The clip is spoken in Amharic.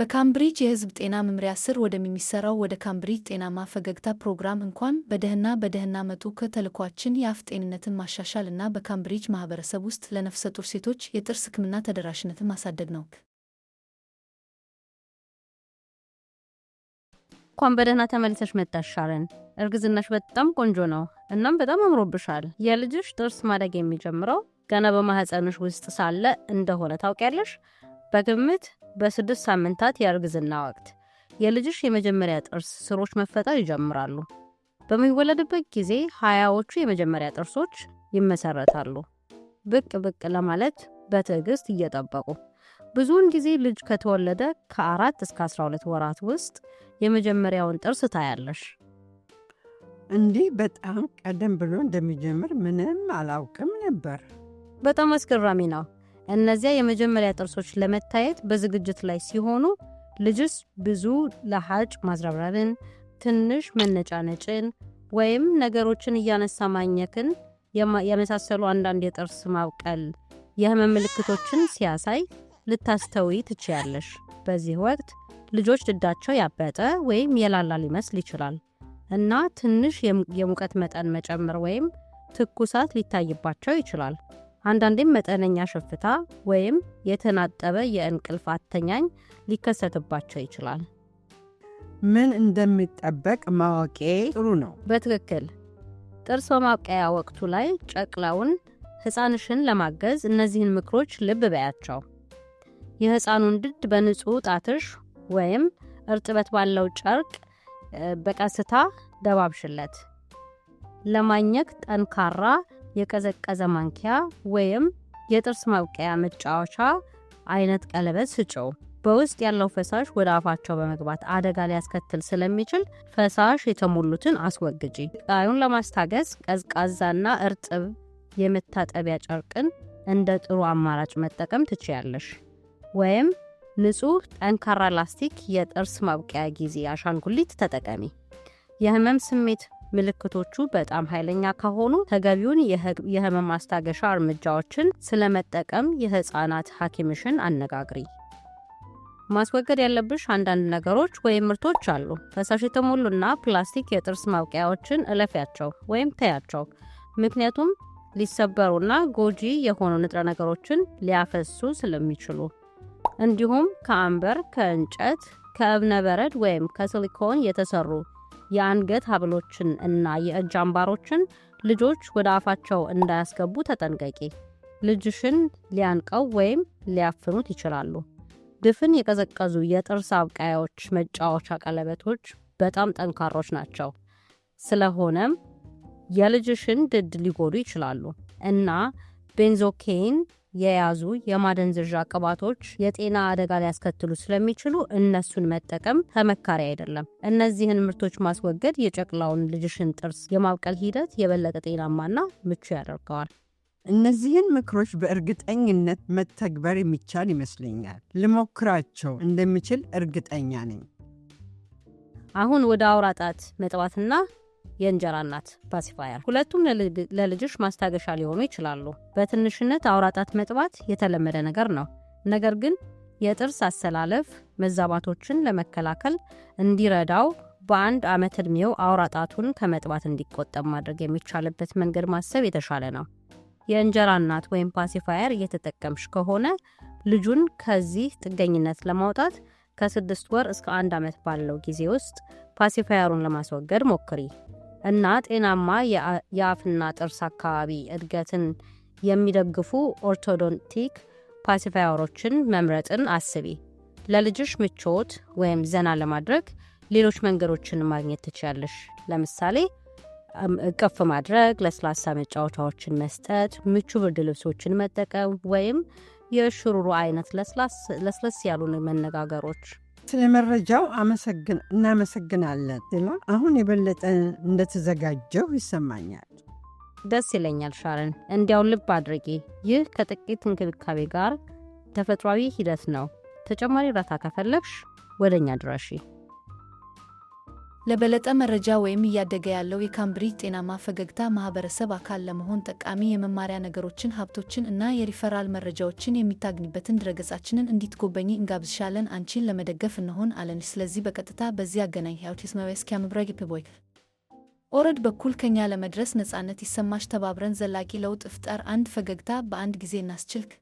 በካምብሪጅ የሕዝብ ጤና መምሪያ ስር ወደሚሰራው ወደ ካምብሪጅ ጤናማ ፈገግታ ፕሮግራም እንኳን በደህና በደህና መጡ። ከተልኳችን የአፍ ጤንነትን ማሻሻል እና በካምብሪጅ ማህበረሰብ ውስጥ ለነፍሰ ጡር ሴቶች የጥርስ ሕክምና ተደራሽነትን ማሳደግ ነው። እንኳን በደህና ተመልሰሽ መጣሽ እርግዝናሽ በጣም ቆንጆ ነው፣ እናም በጣም አምሮብሻል። የልጅሽ ጥርስ ማደግ የሚጀምረው ገና በማህፀንሽ ውስጥ ሳለ እንደሆነ ታውቂያለሽ በግምት በስድስት ሳምንታት የእርግዝና ወቅት የልጅሽ የመጀመሪያ ጥርስ ስሮች መፈጠር ይጀምራሉ። በሚወለድበት ጊዜ ሀያዎቹ የመጀመሪያ ጥርሶች ይመሰረታሉ። ብቅ ብቅ ለማለት በትዕግስት እየጠበቁ ብዙውን ጊዜ ልጅ ከተወለደ ከአራት እስከ 12 ወራት ውስጥ የመጀመሪያውን ጥርስ ታያለሽ። እንዲህ በጣም ቀደም ብሎ እንደሚጀምር ምንም አላውቅም ነበር። በጣም አስገራሚ ነው። እነዚያ የመጀመሪያ ጥርሶች ለመታየት በዝግጅት ላይ ሲሆኑ ልጅስ ብዙ ለሀጭ ማዝረብረብን፣ ትንሽ መነጫነጭን ወይም ነገሮችን እያነሳ ማኘክን የመሳሰሉ አንዳንድ የጥርስ ማብቀል የህመም ምልክቶችን ሲያሳይ ልታስተውይ ትችያለሽ። በዚህ ወቅት ልጆች ድዳቸው ያበጠ ወይም የላላ ሊመስል ይችላል እና ትንሽ የሙቀት መጠን መጨመር ወይም ትኩሳት ሊታይባቸው ይችላል። አንዳንዴም መጠነኛ ሽፍታ ወይም የተናጠበ የእንቅልፍ አተኛኝ ሊከሰትባቸው ይችላል። ምን እንደሚጠበቅ ማወቄ ጥሩ ነው። በትክክል ጥርስ በማብቀያ ወቅቱ ላይ ጨቅላውን ሕፃንሽን ለማገዝ እነዚህን ምክሮች ልብ በያቸው። የሕፃኑን ድድ በንጹህ ጣትሽ ወይም እርጥበት ባለው ጨርቅ በቀስታ ደባብሽለት። ለማኘክ ጠንካራ የቀዘቀዘ ማንኪያ ወይም የጥርስ ማብቀያ መጫወቻ አይነት ቀለበት ስጭው። በውስጥ ያለው ፈሳሽ ወደ አፋቸው በመግባት አደጋ ሊያስከትል ስለሚችል ፈሳሽ የተሞሉትን አስወግጂ። ቃዩን ለማስታገስ ቀዝቃዛና እርጥብ የመታጠቢያ ጨርቅን እንደ ጥሩ አማራጭ መጠቀም ትችያለሽ። ወይም ንጹህ ጠንካራ ላስቲክ የጥርስ ማብቂያ ጊዜ አሻንጉሊት ተጠቀሚ። የህመም ስሜት ምልክቶቹ በጣም ኃይለኛ ከሆኑ ተገቢውን የህመም ማስታገሻ እርምጃዎችን ስለመጠቀም የህፃናት ሐኪምሽን አነጋግሪ። ማስወገድ ያለብሽ አንዳንድ ነገሮች ወይም ምርቶች አሉ። ፈሳሽ የተሞሉና ፕላስቲክ የጥርስ ማብቂያዎችን እለፊያቸው ወይም ተያቸው፣ ምክንያቱም ሊሰበሩና ጎጂ የሆኑ ንጥረ ነገሮችን ሊያፈሱ ስለሚችሉ። እንዲሁም ከአንበር፣ ከእንጨት፣ ከእብነ በረድ ወይም ከሲሊኮን የተሰሩ የአንገት ሀብሎችን እና የእጅ አምባሮችን ልጆች ወደ አፋቸው እንዳያስገቡ ተጠንቀቂ። ልጅሽን ሊያንቀው ወይም ሊያፍኑት ይችላሉ። ድፍን የቀዘቀዙ የጥርስ አብቃዮች መጫወቻ ቀለበቶች በጣም ጠንካሮች ናቸው። ስለሆነም የልጅሽን ድድ ሊጎዱ ይችላሉ እና ቤንዞኬን የያዙ የማደንዘዣ ቅባቶች የጤና አደጋ ሊያስከትሉ ስለሚችሉ እነሱን መጠቀም ተመካሪ አይደለም። እነዚህን ምርቶች ማስወገድ የጨቅላውን ልጅሽን ጥርስ የማብቀል ሂደት የበለጠ ጤናማና ምቹ ያደርገዋል። እነዚህን ምክሮች በእርግጠኝነት መተግበር የሚቻል ይመስለኛል። ልሞክራቸው እንደሚችል እርግጠኛ ነኝ። አሁን ወደ አውራ ጣት መጥባትና የእንጀራ እናት ፓሲፋየር። ሁለቱም ለልጅሽ ማስታገሻ ሊሆኑ ይችላሉ። በትንሽነት አውራ ጣት መጥባት የተለመደ ነገር ነው። ነገር ግን የጥርስ አሰላለፍ መዛባቶችን ለመከላከል እንዲረዳው በአንድ ዓመት ዕድሜው አውራ ጣቱን ከመጥባት እንዲቆጠብ ማድረግ የሚቻልበት መንገድ ማሰብ የተሻለ ነው። የእንጀራ እናት ወይም ፓሲፋየር እየተጠቀምሽ ከሆነ ልጁን ከዚህ ጥገኝነት ለማውጣት ከስድስት ወር እስከ አንድ ዓመት ባለው ጊዜ ውስጥ ፓሲፋየሩን ለማስወገድ ሞክሪ። እና ጤናማ የአፍና ጥርስ አካባቢ እድገትን የሚደግፉ ኦርቶዶንቲክ ፓሲፋየሮችን መምረጥን አስቢ። ለልጆች ምቾት ወይም ዘና ለማድረግ ሌሎች መንገዶችን ማግኘት ትችያለሽ። ለምሳሌ እቅፍ ማድረግ፣ ለስላሳ መጫወቻዎችን መስጠት፣ ምቹ ብርድ ልብሶችን መጠቀም ወይም የሽሩሩ አይነት ለስለስ ያሉ መነጋገሮች ስለ መረጃው እናመሰግናለን ስላ አሁን የበለጠ እንደተዘጋጀው ይሰማኛል። ደስ ይለኛል ሻርን እንዲያው ልብ አድርጌ፣ ይህ ከጥቂት እንክብካቤ ጋር ተፈጥሯዊ ሂደት ነው። ተጨማሪ እርዳታ ከፈለግሽ ወደ እኛ ድረሺ። ለበለጠ መረጃ ወይም እያደገ ያለው የካምብሪጅ ጤናማ ፈገግታ ማህበረሰብ አካል ለመሆን ጠቃሚ የመማሪያ ነገሮችን፣ ሀብቶችን እና የሪፈራል መረጃዎችን የሚታግኝበትን ድረገጻችንን እንዲትጎበኝ እንጋብዝሻለን። አንቺን ለመደገፍ እንሆን አለን። ስለዚህ በቀጥታ በዚህ አገናኝ ያውቲስ ፕቦይ ኦረድ በኩል ከኛ ለመድረስ ነፃነት ይሰማሽ። ተባብረን ዘላቂ ለውጥ ፍጠር። አንድ ፈገግታ በአንድ ጊዜ እናስችልክ።